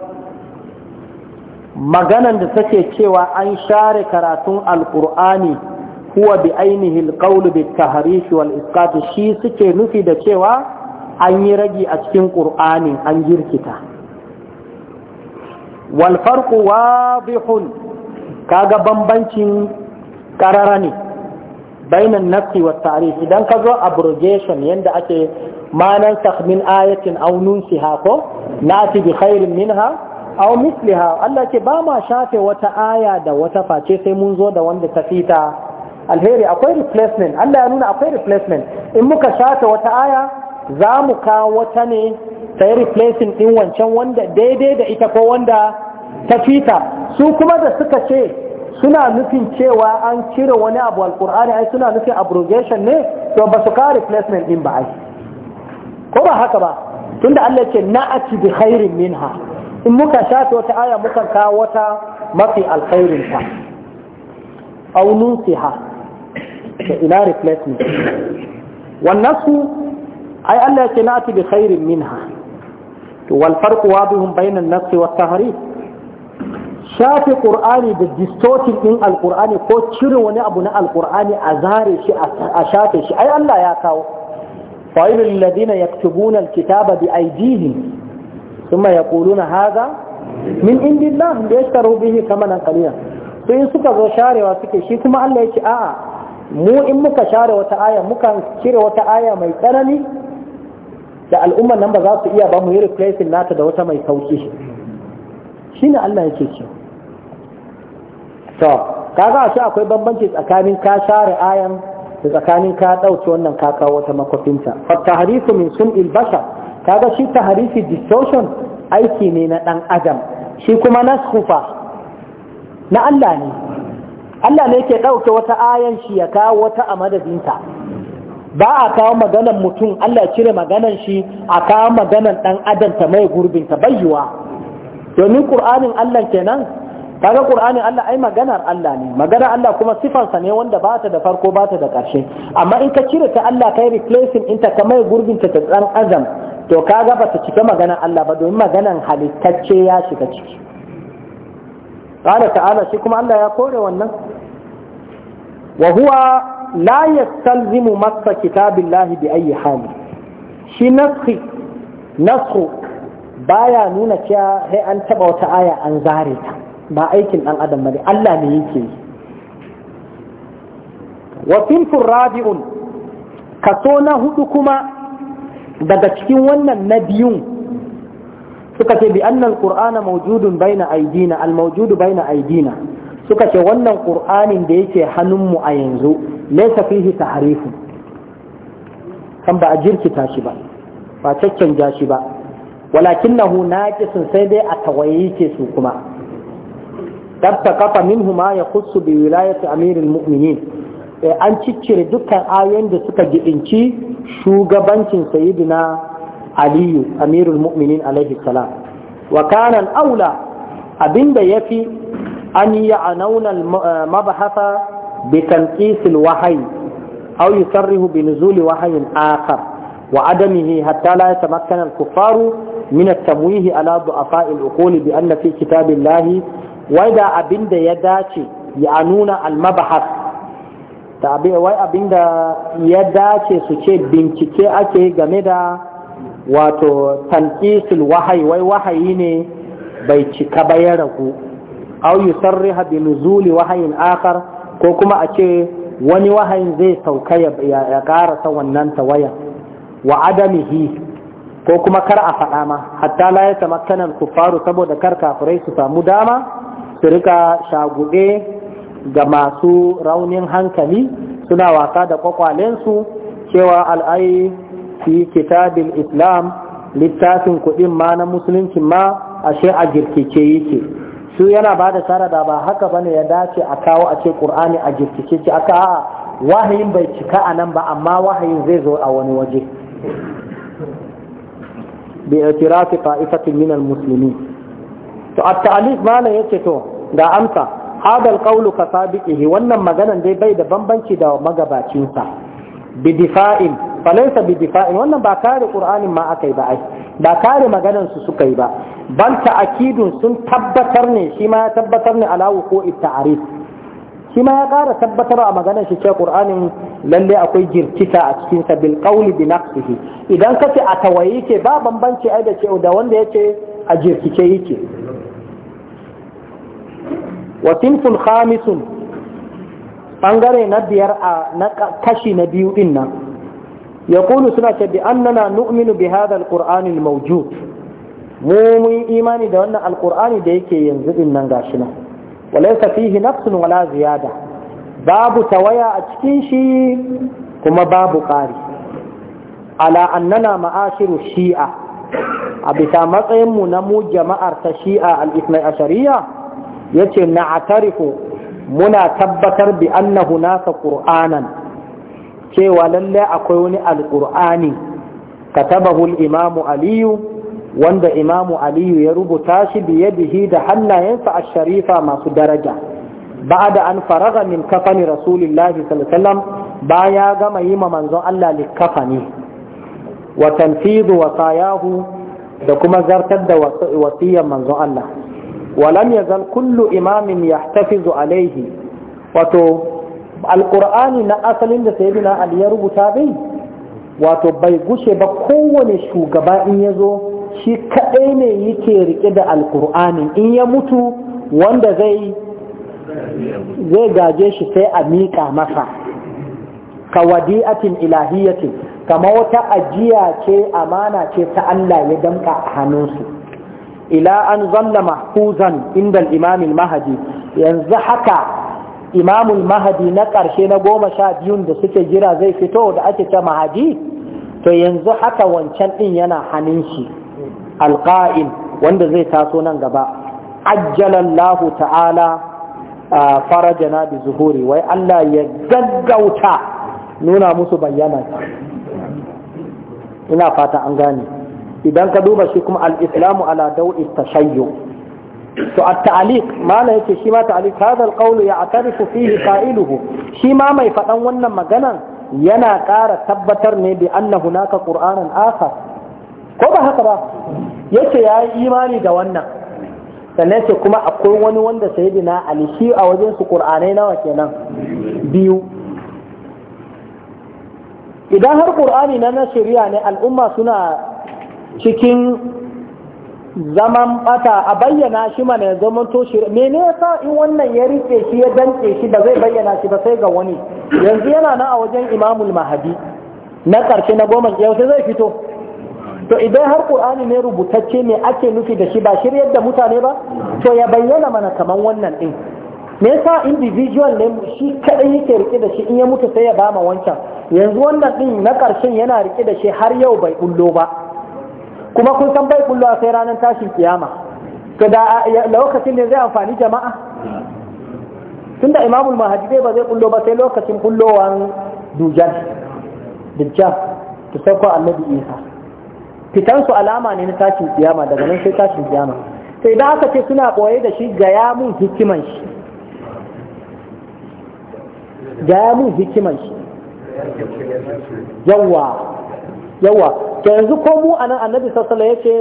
maganan da take cewa an share karatun al'kur'ani huwa bi ainihi alqawlu bi tahrish wal isqat shi suke nufi da cewa an yi ragi a cikin ƙur'ani an jirkita wal farqu wadihun kaga bambancin ƙarara ne bainan nafi wa tarihi idan ka zo abrogation yanda ake manan min ayatin aw hako na fi bi khairin minha aw misliha Allah ce ba ma shafe wata aya da wata face sai mun zo da wanda ta fita alheri akwai replacement Allah ya nuna akwai replacement in muka shafe wata aya za mu kawo wata ne yi replacing din wancan wanda daidai da ita ko wanda ta fita su kuma da suka ce suna nufin cewa an cire wani abu alkur'ani ai suna nufin abrogation ne to ba su kawo replacement din ba ai ko ba haka ba tunda Allah ce na na'ati bi khairin minha in muka shafi wata aya muka kawo wata mafi alkhairin ta aw nunsiha ta ila replacement wannan nasu ai Allah ya ce na na'ati bi khairin minha to wal farqu wadihun bainan nafsi wat tahrif shafe ƙur'ani da distorting ɗin alƙur'ani ko cire wani abu na alƙur'ani a zare shi a shafe shi ai Allah ya kawo fa'ilul ladina yaktubuna alkitaba bi aydihim thumma yaquluna hadha min indillah da yashtaru bihi kamanan qalila to in suka zo sharewa suke shi kuma Allah yake a'a mu in muka share wata aya muka cire wata aya mai tsanani da al'umman nan ba za su iya ba mu yi replacing nata da wata mai sauki ne Allah yake ce to kaga a ce akwai bambanci tsakanin ka share ayan da tsakanin ka ɗauki wannan ka kawo wata makwafinta fa tahrifu min sun'il Ka kaga shi tahrifi distortion aiki ne na ɗan adam shi kuma na skufa na Allah ne Allah ne yake ɗauke wata ayan shi ya kawo wata a madadinta ba a kawo maganan mutum Allah ya cire maganan shi a kawo maganan ɗan adam ta mai gurbinta bayyuwa domin kur'anin Allah kenan kaga qur'anin Allah ai maganar Allah ne maganar Allah kuma sifarsa ne wanda ba ta da farko ba ta da ƙarshe amma in ka cire ta Allah kai replacing in ta mai gurbin ta dan azam to kaga ba ta cike maganar Allah ba domin maganar halittacce ya shiga ciki qala ta'ala shi kuma Allah ya kore wannan wa huwa la yastalzimu masa kitabillahi bi ayyi hal shi naskhi baya nuna cewa sai an taba wata aya an zare ta ba aikin dan adam bane Allah ne yake yi wa sinfur rabi'un kaso na hudu kuma daga cikin wannan na biyun suka ce bi annal qur'ana mawjudun baina aidina al mawjudu baina aidina suka ce wannan qur'anin da yake hannunmu a yanzu laysa fihi tahrifun kan ba a jirkita shi ba ba caccanja shi ba Walakin walakinahu naqisun sai dai a tawaye ke su kuma dabta kafa minhu ma yakhussu bi wilayati amiril mu'minin eh, an ciccire dukkan ayoyin da suka gidinci shugabancin sayyidina aliyu amirul mu'minin alaihi salam wa aula abinda yafi an ya'nauna al-mabhatha bi tanqis al-wahyi aw yusarrihu bi nuzuli wahyin akhar وعدمه حتى لا يتمكن الكفار من التمويه على ضعفاء العقول بأن في كتاب الله وإذا أبند يداتي يعنون wai abin da ya dace su ce bincike ake game da wato tankisul wahayi wai wahayi ne bai cika ba ya ragu au yusarriha bi nuzuli wahayin akar ko kuma a ce wani wahayin zai sauka ya ƙarasa wannan tawayan wa adamihi ko kuma kar a faɗa ma hatta la ya tamakkana kufaru saboda kar kafirai su samu dama su rika shaguɗe ga masu raunin hankali suna wasa da kwakwalensu cewa al'ai fi kitabil islam littafin kuɗin ma na musulunci ma ashe a girkice yake su yana ba da sarada ba haka bane ya dace a kawo a ce ƙur'ani a girkice ce aka wahayin bai cika a nan ba amma wahayin zai zo a wani waje bi i'tirafi ta'ifatin min al-muslimin to at-ta'alif malan yace to ga amsa hada al-qawlu ka sabiqihi wannan maganan dai bai da bambanci da magabacin sa bi difa'in bi difa'in wannan ba kare qur'anin ma akai ba ai ba kare maganan su suka yi ba Ban ta'kidun sun tabbatar ne shi ma ya tabbatar ne ala wuqu'i ta'rif shi ma ya ƙara tabbatar a maganar shi ce ƙur'anin lalle akwai jirkita a cikin sabil bil qawli bi idan ka ce a tawaye yake ba bambanci ai da da wanda yake a jirkice yake wa sinfun khamisun bangare na biyar a na kashi na biyu din nan yaqulu suna ce bi annana nu'minu bi hadha al-qur'ani mu mun imani da wannan alqur'ani da yake yanzu din nan gashi nan walaisa safihi nafsun wala ziyada babu tawaya a cikin shi kuma babu ƙari ala annana ma'ashiru shi'a a bisa matsayinmu na mu jama'ar ta shi'a al-ismai a shari'a ya ce na atarifu muna tabbatar bi annahu nasa ƙur'anan cewa lallai akwai wani alƙur'ani katabahu al-imamu aliyu wanda imamu aliyu ya rubuta shi biye-bihi da hannayensa a sharifa masu daraja da an faraga min kafani rasulillahi sallallahu alaihi wasallam baya gama yi ma manzon Allah likafani wa tanfidu wasayahu da kuma zartar da wasiyyar manzon Allah walam yazal kullu imamin yahtafizu alaihi wato alqur'ani na asalin da sayyidina ali ya rubuta bai wato bai gushe ba kowane shugaba in ya zo shi kaɗai ne yake riƙe da alkur'ani in ya mutu wanda zai zai gaje shi sai a miƙa masa ka wadi'atin ilahiyatin kama wata ajiya ce amana ce ta Allah ya damƙa a hannunsu ila an zalla mahfuzan inda imamul mahadi yanzu haka imamul mahadi na ƙarshe na goma sha biyun da suke jira zai fito da ake ta mahadi to yanzu haka wancan ɗin yana hannun shi Alƙa'in wanda zai taso nan gaba ajjalallahu ta'ala farajana bi zuhuri wai Allah ya gaggauta nuna musu bayyana ina fata an gane idan ka duba shi kuma al-islamu ala dawi tashayyu to at-ta'liq mana yake shi ma ta'liq hadha al ya ya'tarifu fihi qailuhu shi ma mai faɗan wannan maganan yana ƙara tabbatar ne da anna hunaka ƙur'anin Asar. ko ba haka ba yake ya yi imani da wannan sannan ce kuma akwai wani wanda sai ali shi a wajen su ƙur'anai nawa kenan biyu idan har ƙur'ani na na shari'a ne al'umma suna cikin zaman bata a bayyana shi mana zaman to shi me ne yasa in wannan ya rike shi ya danke shi da zai bayyana shi ba sai ga wani yanzu yana nan a wajen imamul mahadi na karshe na goma yau sai zai fito to idan har qur'ani ne rubutacce ne ake nufi da shi ba shiryar da mutane ba to ya bayyana mana kaman wannan din me yasa individual ne shi kadai yake rike da shi in ya mutu sai ya bama wancan yanzu wannan din na karshen yana rike da shi har yau bai bullo ba kuma kun san bai bullo sai ranar tashin kiyama to da lokacin ne zai amfani jama'a tunda imamul mahadi ba zai bullo ba sai lokacin bullowan dujal dujjal to sai ko annabi isa fitansu alama ne na tashin kiyama daga nan sai tashin kiyama sai da aka ce suna koye da shi gaya mun hikiman shi gaya mun hikiman shi yawa yawa to yanzu ko mu anan annabi sassala ya ce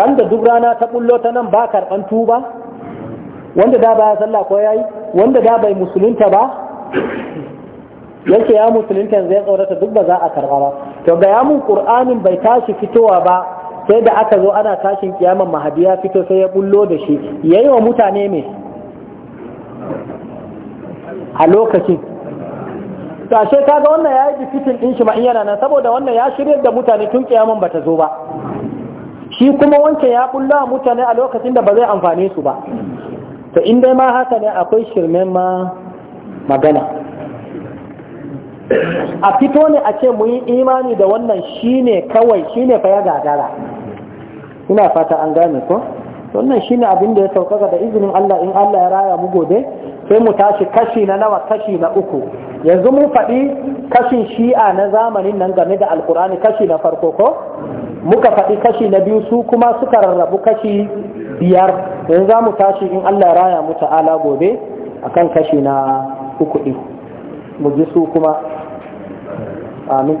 ran da duk rana ta bullo ta nan ba karɓan tuba wanda da ya sallah ko yayi wanda da bai musulunta ba yake ya musulunta zai tsorata duk ba za a karba ba to ga ya mun qur'anin bai tashi fitowa ba sai da aka zo ana tashin kiyaman mahadi ya fito sai ya bullo da shi yayi wa mutane me a lokacin to kaga wannan yayi bifitin din shi ma in yana nan saboda wannan ya shirya da mutane tun kiyaman bata zo ba shi kuma wancan ya bullo mutane a lokacin da ba zai amfane su ba to in dai ma haka ne akwai shirmen ma magana a fito ne a ce mu imani da wannan shine kawai shine fa ya gagara ina fata an gane ko wannan shine abin da ya saukaka da izinin Allah in Allah ya raya mu gobe sai mu tashi kashi na nawa kashi na uku yanzu mu faɗi kashin shi'a na zamanin nan game da alkur'ani kashi na farko ko muka faɗi kashi na biyu su kuma suka rarrabu kashi biyar yanzu za mu tashi in Allah ya raya mu ta'ala gobe akan kashi na uku ɗin mu ji su kuma amin